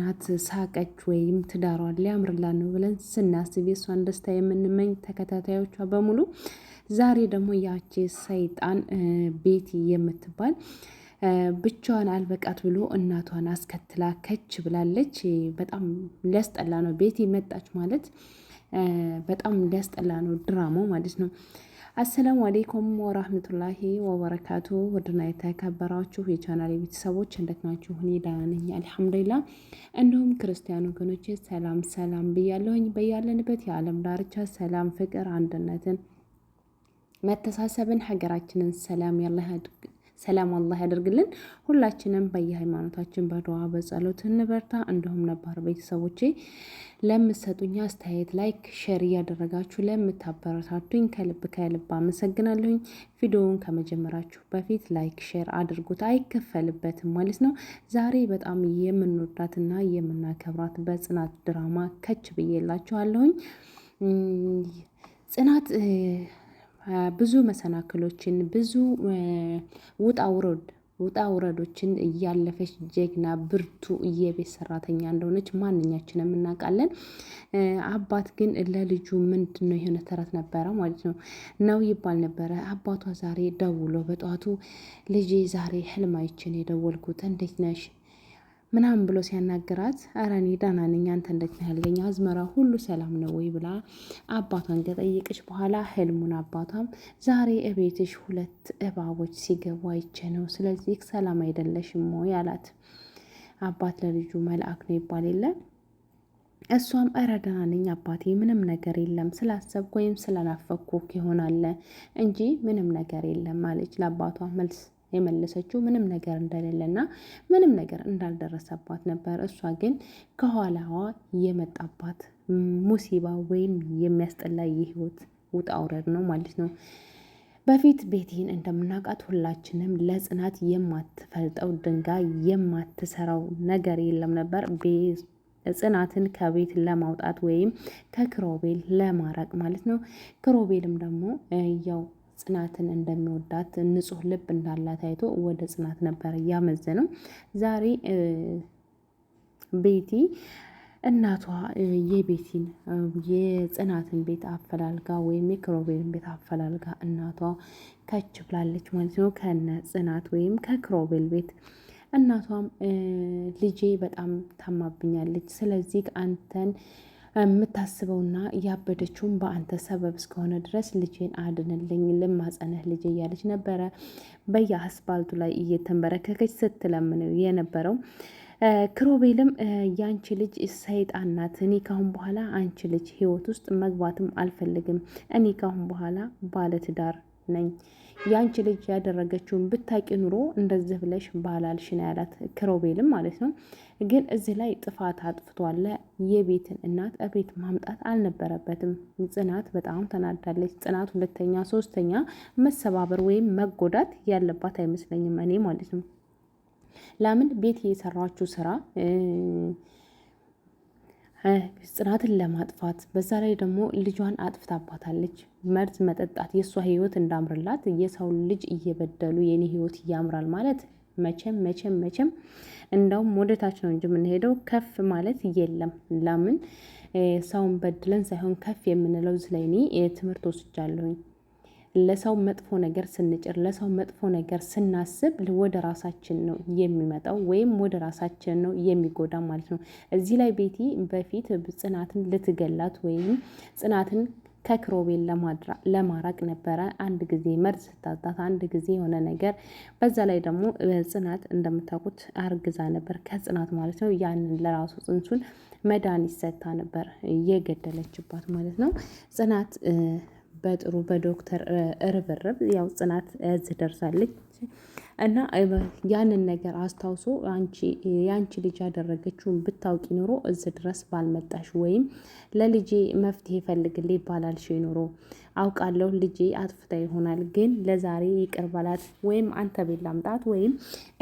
ናት ሳቀች ወይም ትዳሯን ሊያምርላት ነው ብለን ስናስብ የእሷን ደስታ የምንመኝ ተከታታዮቿ በሙሉ ዛሬ ደግሞ ያቺ ሰይጣን ቤቲ የምትባል ብቻዋን አልበቃት ብሎ እናቷን አስከትላ ከች ብላለች። በጣም ሊያስጠላ ነው። ቤቲ መጣች ማለት በጣም ሊያስጠላ ነው ድራማው ማለት ነው። አሰላሙ አሌይኩም ወራህመቱላሂ ወበረካቱ ውድና የተከበራችሁ የቻናል ቤተሰቦች እንዴት ናችሁ? እኔ ደህና ነኝ አልሐምዱሊላ። እንዲሁም ክርስቲያን ወገኖቼ ሰላም ሰላም ብያለሁኝ። በያለንበት የዓለም ዳርቻ ሰላም፣ ፍቅር፣ አንድነትን መተሳሰብን ሀገራችንን ሰላም ያለ ሰላም አላህ ያደርግልን። ሁላችንም በየሃይማኖታችን በዱዓ በጸሎት እንበርታ። እንዲሁም ነባር ቤተሰቦቼ ለምትሰጡኝ አስተያየት፣ ላይክ፣ ሼር እያደረጋችሁ ለምታበረታቱኝ ከልብ ከልብ አመሰግናለሁኝ። ቪዲዮውን ከመጀመራችሁ በፊት ላይክ፣ ሼር አድርጉት፣ አይከፈልበትም ማለት ነው። ዛሬ በጣም የምንወዳትና የምናከብራት በጽናት ድራማ ከች ብዬላችኋለሁኝ ጽናት ብዙ መሰናክሎችን ብዙ ውጣ ውረድ ውጣ ውረዶችን እያለፈች ጀግና ብርቱ የቤት ሰራተኛ እንደሆነች ማንኛችንም እናውቃለን። አባት ግን ለልጁ ምንድን ነው የሆነ ተረት ነበረ ማለት ነው ነው ይባል ነበረ። አባቷ ዛሬ ደውሎ በጠዋቱ ልጄ ዛሬ ህልማይችን የደወልኩት እንዴት ነሽ ምናምን ብሎ ሲያናግራት ኧረ እኔ ደህና ነኝ፣ አንተ እንዴት ነህ ያለኝ አዝመራ ሁሉ ሰላም ነው ወይ ብላ አባቷን ከጠየቀች በኋላ ህልሙን አባቷም ዛሬ እቤትሽ ሁለት እባቦች ሲገቡ አይቼ ነው፣ ስለዚህ ሰላም አይደለሽም ወይ አላት። አባት ለልጁ መልአክ ነው ይባል የለ እሷም ኧረ ደህና ነኝ አባቴ፣ ምንም ነገር የለም ስላሰብኩ ወይም ስለናፈኩ ይሆናል እንጂ ምንም ነገር የለም አለች ለአባቷ መልስ የመለሰችው ምንም ነገር እንደሌለና ምንም ነገር እንዳልደረሰባት ነበር። እሷ ግን ከኋላዋ የመጣባት ሙሲባ ወይም የሚያስጠላ የህይወት ውጣ ውረድ ነው ማለት ነው። በፊት ቤቲን እንደምናውቃት ሁላችንም ለጽናት የማትፈልጠው ድንጋይ የማትሰራው ነገር የለም ነበር። ጽናትን ከቤት ለማውጣት ወይም ከክሮቤል ለማራቅ ማለት ነው። ክሮቤልም ደግሞ ያው ጽናትን እንደሚወዳት ንጹህ ልብ እንዳላት አይቶ ወደ ጽናት ነበር እያመዘነው። ዛሬ ቤቲ እናቷ የቤቲን የጽናትን ቤት አፈላልጋ ወይም የክሮቤልን ቤት አፈላልጋ እናቷ ከች ብላለች ማለት ነው፣ ከነ ጽናት ወይም ከክሮቤል ቤት። እናቷም ልጄ በጣም ታማብኛለች፣ ስለዚህ አንተን የምታስበውና እያበደችውን በአንተ ሰበብ እስከሆነ ድረስ ልጄን አድንልኝ፣ ልማጸነህ ልጄ እያለች ነበረ በየአስፋልቱ ላይ እየተንበረከከች ስትለምነው የነበረው። ክሮቤልም ያንቺ ልጅ ሰይጣን ናት፣ እኔ ካሁን በኋላ አንቺ ልጅ ህይወት ውስጥ መግባትም አልፈልግም፣ እኔ ካሁን በኋላ ባለትዳር ነኝ። ያንቺ ልጅ ያደረገችውን ብታቂ ኑሮ እንደዚህ ብለሽ ባላልሽ ነው ያላት ክሮቤልም ማለት ነው። ግን እዚህ ላይ ጥፋት አጥፍቷለ። የቤትን እናት እቤት ማምጣት አልነበረበትም። ጽናት በጣም ተናዳለች። ጽናት ሁለተኛ ሶስተኛ መሰባበር ወይም መጎዳት ያለባት አይመስለኝም እኔ ማለት ነው። ለምን ቤት የሰራችው ስራ ጽናትን ለማጥፋት በዛ ላይ ደግሞ ልጇን አጥፍታባታለች። መርዝ መጠጣት የእሷ ህይወት እንዳምርላት የሰው ልጅ እየበደሉ የኔ ህይወት እያምራል ማለት መቼም መቼም መቼም እንደውም ወደታች ነው እንጂ የምንሄደው ከፍ ማለት የለም። ለምን ሰውን በድለን ሳይሆን ከፍ የምንለው ዝለኔ ትምህርት ወስጃለሁኝ። ለሰው መጥፎ ነገር ስንጭር፣ ለሰው መጥፎ ነገር ስናስብ ወደ ራሳችን ነው የሚመጣው ወይም ወደ ራሳችን ነው የሚጎዳ ማለት ነው። እዚህ ላይ ቤቲ በፊት ጽናትን ልትገላት ወይም ጽናትን ከክሮቤል ለማራቅ ነበረ። አንድ ጊዜ መርዝ ስታጣት፣ አንድ ጊዜ የሆነ ነገር በዛ ላይ ደግሞ ጽናት እንደምታውቁት አርግዛ ነበር ከጽናት ማለት ነው። ያንን ለራሱ ጽንሱን መድኃኒት ሰታ ነበር የገደለችባት ማለት ነው ጽናት በጥሩ በዶክተር እርብርብ ያው ጽናት እዚህ ደርሳለች እና ያንን ነገር አስታውሶ የአንቺ ልጅ ያደረገችውን ብታውቂ ኖሮ እዚህ ድረስ ባልመጣሽ፣ ወይም ለልጄ መፍትሄ ፈልግልኝ ባላልሽ ኖሮ አውቃለሁ። ልጄ አጥፍታ ይሆናል፣ ግን ለዛሬ ይቅር በላት፣ ወይም አንተ ቤት ላምጣት፣ ወይም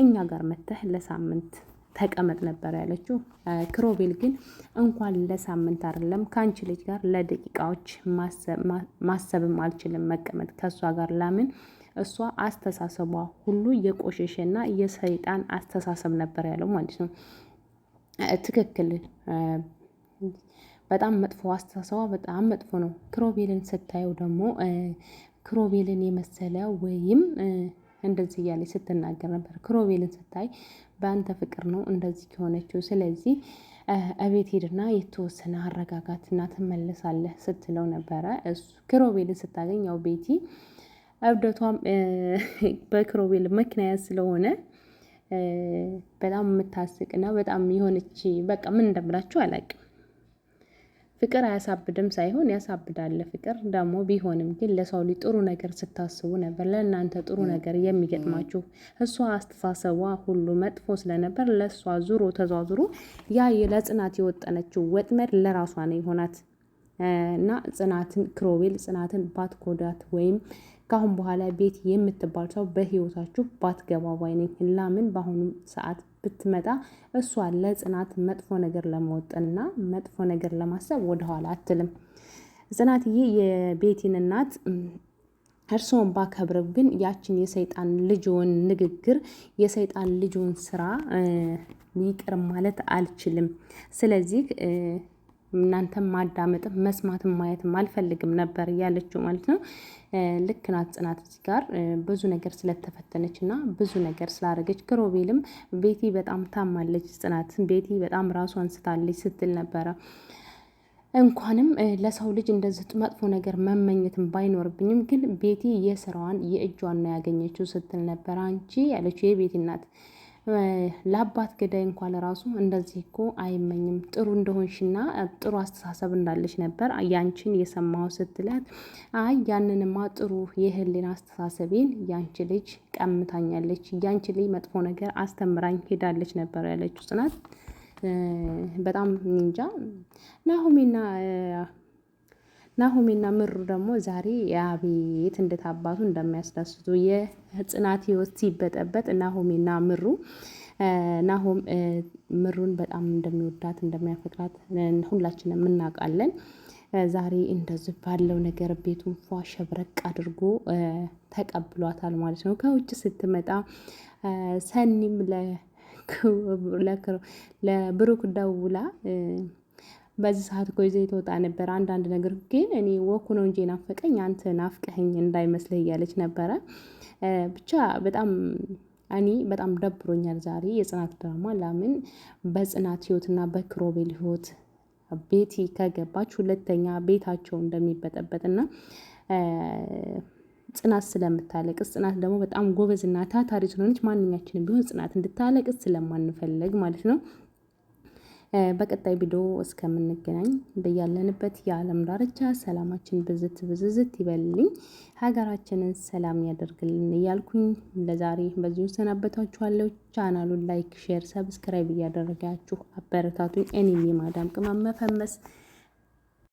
እኛ ጋር መተህ ለሳምንት ተቀመጥ ነበር ያለችው። ክሮቤል ግን እንኳን ለሳምንት አይደለም ከአንቺ ልጅ ጋር ለደቂቃዎች ማሰብም አልችልም መቀመጥ ከእሷ ጋር ላምን እሷ አስተሳሰቧ ሁሉ ና የሰይጣን አስተሳሰብ ነበር ያለው ማለት ነው። ትክክል። በጣም መጥፎ አስተሳሰቧ በጣም መጥፎ ነው። ክሮቤልን ስታየው ደግሞ ክሮቤልን የመሰለ ወይም እንደዚህ እያለች ስትናገር ነበር። ክሮቤልን ስታይ በአንተ ፍቅር ነው እንደዚህ ከሆነችው፣ ስለዚህ እቤት ሄድና የተወሰነ አረጋጋትና ትመለሳለህ ስትለው ነበረ። እሱ ክሮቤልን ስታገኝ ያው ቤቲ እብደቷም በክሮቤል ምክንያት ስለሆነ በጣም የምታስቅ በጣም የሆነች በቃ ምን እንደምላችሁ አላውቅም። ፍቅር አያሳብድም ሳይሆን ያሳብዳል። ፍቅር ደግሞ ቢሆንም ግን ለሰው ልጅ ጥሩ ነገር ስታስቡ ነበር ለእናንተ ጥሩ ነገር የሚገጥማችሁ። እሷ አስተሳሰቧ ሁሉ መጥፎ ስለነበር ለእሷ ዙሮ ተዟዙሮ ያ ለጽናት የወጠነችው ወጥመድ ለራሷ ነው የሆናት እና ጽናትን ክሮቤል ጽናትን ባትጎዳት ወይም ከአሁን በኋላ ቤት የምትባል ሰው በህይወታችሁ ባትገባ ባይነኝ ላምን በአሁኑ ሰዓት ብትመጣ እሷ ለጽናት መጥፎ ነገር ለመወጠንና መጥፎ ነገር ለማሰብ ወደኋላ አትልም። ጽናትዬ የቤቲን እናት እርስዎን ባከብር ግን ያችን የሰይጣን ልጅውን ንግግር የሰይጣን ልጅውን ስራ ይቅር ማለት አልችልም። ስለዚህ እናንተም ማዳመጥም መስማትም ማየትም አልፈልግም ነበር እያለችው ማለት ነው። ልክ ናት ጽናት እዚህ ጋር ብዙ ነገር ስለተፈተነች እና ብዙ ነገር ስላደረገች ክሮቤልም ቤቲ በጣም ታማለች፣ ጽናት ቤቲ በጣም ራሱ አንስታለች ስትል ነበረ። እንኳንም ለሰው ልጅ እንደዚህ መጥፎ ነገር መመኘትም ባይኖርብኝም ግን ቤቲ የስራዋን የእጇን ነው ያገኘችው ስትል ነበር። አንቺ ያለችው የቤቲ እናት ለአባት ገዳይ እንኳን ለራሱ እንደዚህ እኮ አይመኝም ጥሩ እንደሆንሽና ጥሩ አስተሳሰብ እንዳለሽ ነበር ያንቺን የሰማው ስትላት፣ አይ ያንንማ ጥሩ የህሊና አስተሳሰቤን ያንቺ ልጅ ቀምታኛለች፣ ያንቺ ልጅ መጥፎ ነገር አስተምራኝ ሄዳለች ነበር ያለችው ጽናት። በጣም እንጃ ናሆሜና ናሆሜና ምሩ ደግሞ ዛሬ የአቤት እንዴት አባቱ እንደሚያስደስቱ የጽናት ህይወት ሲበጠበጥ ናሆሜና ምሩ ናሆም ምሩን በጣም እንደሚወዳት እንደሚያፈቅራት ሁላችንም እናውቃለን። ዛሬ እንደዚህ ባለው ነገር ቤቱን ፏ ሸብረቅ አድርጎ ተቀብሏታል ማለት ነው። ከውጭ ስትመጣ ሰኒም ለብሩክ ደውላ በዚህ ሰዓት እኮ ይዘህ የተወጣ ነበር። አንዳንድ ነገር ግን እኔ ወኩ ነው እንጂ ናፈቀኝ አንተ ናፍቀኸኝ እንዳይመስልህ እያለች ነበረ። ብቻ በጣም እኔ በጣም ደብሮኛል ዛሬ የጽናት ድራማ። ለምን በጽናት ህይወትና በክሮቤል ህይወት ቤቲ ከገባች ሁለተኛ ቤታቸው እንደሚበጠበጥና ጽናት ስለምታለቅስ ጽናት ደግሞ በጣም ጎበዝና ታታሪ ስለሆነች ማንኛችንም ቢሆን ጽናት እንድታለቅስ ስለማንፈለግ ማለት ነው። በቀጣይ ቪዲዮ እስከምንገናኝ በያለንበት የዓለም ዳርቻ ሰላማችን ብዝት ብዝዝት ይበልልኝ፣ ሀገራችንን ሰላም ያደርግልን እያልኩኝ ለዛሬ በዚሁ ሰናበታችኋለሁ። ቻናሉን ላይክ፣ ሼር፣ ሰብስክራይብ እያደረጋችሁ አበረታቱኝ። እኔም የማዳም ቅመም መፈመስ